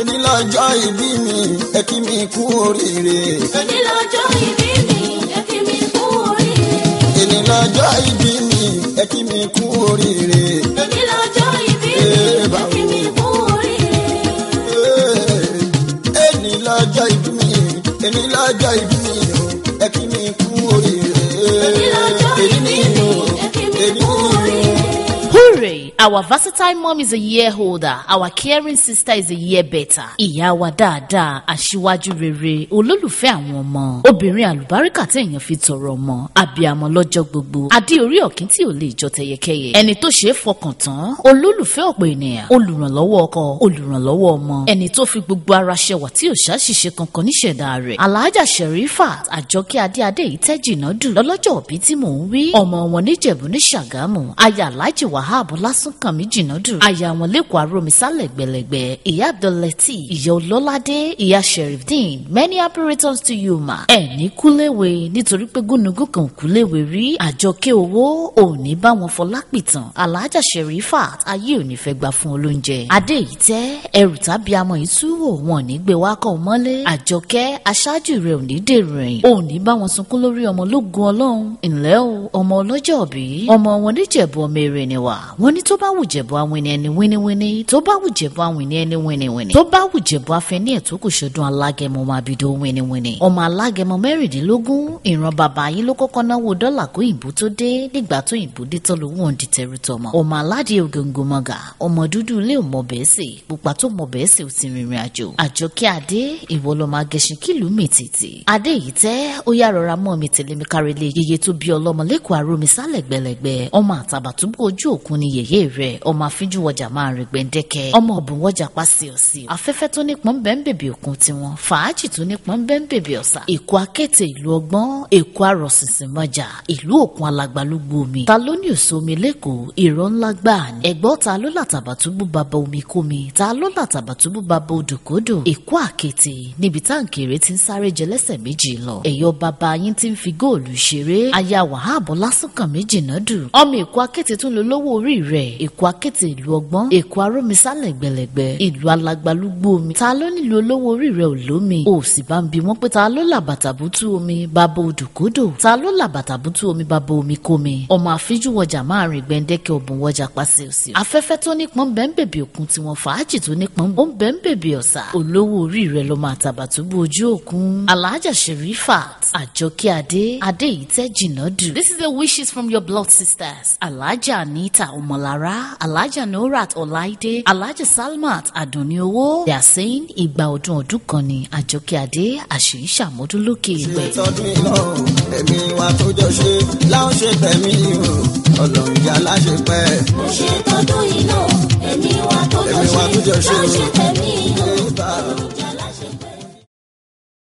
èmi lọ́jọ́ ìbí mi ẹ kí mi kú oríire. èmi lọ́jọ́ ìbí mi ẹ kí mi kú oríire. èmi lọ́jọ́ ìbí mi ẹ kí mi kú oríire. èmi lọ́jọ́ ìbí mi ẹ kí mi kú oríire. èmi lọ́jọ́ ìbí mi èmi lọ́jọ́ ìbí mi ẹ kí mi kú oríire. Hooray! Our versatile mom is a year older. Our caring sister is a year better. Ìyá wa dáadáa, aṣíwájú rere, olólùfẹ́ àwọn ọmọ. Obìnrin àlùbáríkà téèyàn fi tọrọ ọmọ. Abiyamọ lọ́jọ́ gbogbo. Adé orí ọ̀kín tí ò lè jọ tẹyẹkẹyẹ. Ẹni tó ṣeé fọkàn tán. Olólùfẹ́ ọ̀pọ̀ ènìyàn. Olùrànlọ́wọ́ ọkọ. Olùrànlọ́wọ́ ọmọ. Ẹni tó fi gbogbo ara ṣẹwà tí ò ṣàṣìṣe kankan níṣẹ̀dá rẹ̀. Alhaja Sherifat Àjọkẹ́ Adéadé yìí tẹ́jìnà dùn. Lọ́lọ́jọ́ òbí tí mò ń káàbọ̀ lásán kàn mí jìnnà dù àyà àwọn lẹ́kọ̀ọ́ arómisálẹ̀ gbẹlẹgbẹ ìyá abdulati ìyá ọlọ́ládé ìyá sherifdeen many apparatus to you ma ẹ̀ní kúléwe nítorí pé gúnugún kan kúléwe rí àjọké owó òní bá wọn fọlápìtàn aláàjà sherifat ayé òní fẹ́ gbà fún olóúnjẹ adé yìí tẹ́ ẹrù tàbí amọ̀ yìí tú wò wọn ò ní gbé wá kàn mọ́lé àjọkẹ́ aṣáájú rẹ̀ ò ní dèrò ẹ̀yìn òní bá wọn sunkún lórí ọmọ ológun ọlọ́run ìnlẹ́ o ọmọ ọlọ́jọ́ ọ̀bí ọmọ wọn níjẹ̀bú ọmọ eré ni wà wọ́n ní tó bá wù jẹ̀bù awin ẹni wíníwíní tó bá wù jẹ̀bù awin ẹni wíníwíní tó bá wù jẹ̀bù afẹ́ ní ẹ̀tọ́ kò ṣọdún alágẹmọ máa bìdó wíníwíní ọmọ alágẹmọ mẹ́rìndínlógún ìran bàbá yìí ló kọ́kọ́ náwó dọ́là kó ìbò tó dé nígbà tó ìbò dé tó lówó ọ̀ǹdí tẹ̀rù tọmọ ọmọ aládé ògòǹgò mọ̀gà ọmọ dúdú ilé ò mọ bẹ́ẹ̀ sè pupa tó mọ bẹ́ẹ̀ ni yèyé rẹ̀ ọmọ àfínjúwọjà máa rìn gbẹ̀ǹdẹ̀kẹ̀ ọmọ ọ̀bùnwọ̀jà pàṣẹọ̀sì afẹ́fẹ́ tó nípọn bẹ́ẹ̀ ń bèbè òkun tiwọn fàájì tó nípọn bẹ́ẹ̀ ń bèbè ọ̀sà èkó akéte ìlú ọgbọ́n èkó arọ̀sìnsìn mọ́jà ìlú òkun alàgbàlúgbò omi ta ló ní òsó omi lẹ́kọ̀ọ́ ìrọ̀ ńlá gbáà ni ẹ̀gbọ́n ta ló làtàbàtúbù bàbá omi kómi ta ló làtàbàtúbù bàbá odòkodò èkó àkéte níbi táǹkèrè ti ń sáré jẹ méjì lọ ẹ̀yọ́ bàbá yín ti ń fi góòlù ṣeré aya wàhábọ̀ lásùnkàn méjì náà dùn ọmọ èkó akéte tún lo lówó orí orí rẹ̀ èkó akéte ìlú ọgbọ́n èkó arómisálẹ̀ gbẹ̀lẹ̀gbẹ̀ ìlú alagbalúgbó omi ta ló nílò olówó orí rẹ̀ ò lómi sì bá ń bi wọ́n pé ta ló là bàtà bútú omi bàbá odòkodò ta ló là bàtà bútú omi bàbá omi kómi ọmọ àfijú wọjà máa rìn gbẹ̀ndẹ́kẹ̀ wọjà pàṣẹ òsì afẹ́fẹ́ tó nípọn bẹ́ẹ̀ bèbè òkun tiwọn fàájì tó nípọn ó ń bẹ́ẹ̀ bèbè ọ̀sà olówó orí rẹ̀ lọ́mọ àtàbàtúbú ojú òkun alájà Sherifat àjọkíadé adéyìítẹ́ jìnnà dù this is the wishes from your blood sisters alájà anita Omolara, Alaja Norat Olaide, Alaja Salmat Adoniowo, they are saying ìgbà ọdún ọdún kan ni Àjọkẹ́ Adé àṣì ṣe tọdún iná ẹ̀mí wa tó jọ ṣe láwọn ṣe tẹ̀mí o ọlọ́run ìyá láṣepẹ́. ṣe tọdún iná ẹ̀mí wa tó jọ ṣe láwọn ṣe tẹ̀mí.